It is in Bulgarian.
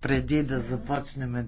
Преди да започнем